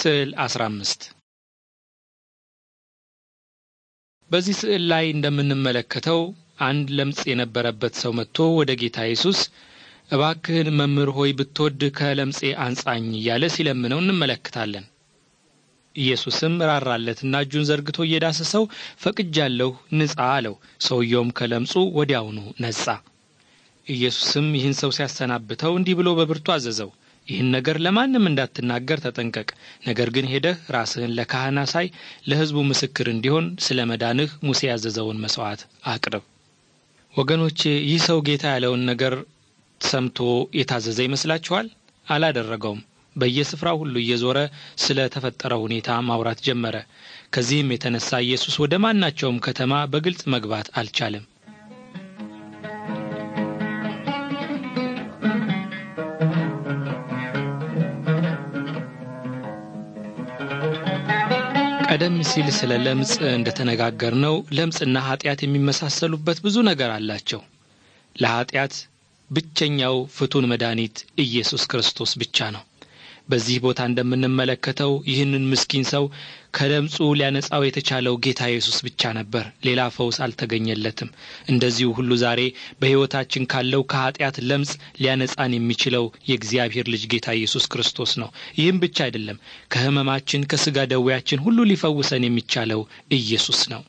ስዕል 15 በዚህ ስዕል ላይ እንደምንመለከተው አንድ ለምጽ የነበረበት ሰው መጥቶ ወደ ጌታ ኢየሱስ እባክህን መምህር ሆይ ብትወድ ከለምጼ አንጻኝ እያለ ሲለምነው እንመለከታለን። ኢየሱስም ራራለትና እጁን ዘርግቶ እየዳሰሰው ፈቅጃለሁ፣ ንጻ አለው። ሰውየውም ከለምጹ ወዲያውኑ ነጻ። ኢየሱስም ይህን ሰው ሲያሰናብተው እንዲህ ብሎ በብርቱ አዘዘው ይህን ነገር ለማንም እንዳትናገር ተጠንቀቅ። ነገር ግን ሄደህ ራስህን ለካህን አሳይ፣ ለሕዝቡ ምስክር እንዲሆን ስለ መዳንህ ሙሴ ያዘዘውን መስዋዕት አቅርብ። ወገኖቼ ይህ ሰው ጌታ ያለውን ነገር ሰምቶ የታዘዘ ይመስላችኋል? አላደረገውም። በየስፍራው ሁሉ እየዞረ ስለ ተፈጠረ ሁኔታ ማውራት ጀመረ። ከዚህም የተነሳ ኢየሱስ ወደ ማናቸውም ከተማ በግልጽ መግባት አልቻለም። ቀደም ሲል ስለ ለምጽ እንደተነጋገርነው ለምጽና ኃጢአት የሚመሳሰሉበት ብዙ ነገር አላቸው። ለኃጢአት ብቸኛው ፍቱን መድኃኒት ኢየሱስ ክርስቶስ ብቻ ነው። በዚህ ቦታ እንደምንመለከተው ይህንን ምስኪን ሰው ከደምፁ ሊያነጻው የተቻለው ጌታ ኢየሱስ ብቻ ነበር። ሌላ ፈውስ አልተገኘለትም። እንደዚሁ ሁሉ ዛሬ በሕይወታችን ካለው ከኃጢአት ለምጽ ሊያነጻን የሚችለው የእግዚአብሔር ልጅ ጌታ ኢየሱስ ክርስቶስ ነው። ይህም ብቻ አይደለም፣ ከሕመማችን ከሥጋ ደዌያችን ሁሉ ሊፈውሰን የሚቻለው ኢየሱስ ነው።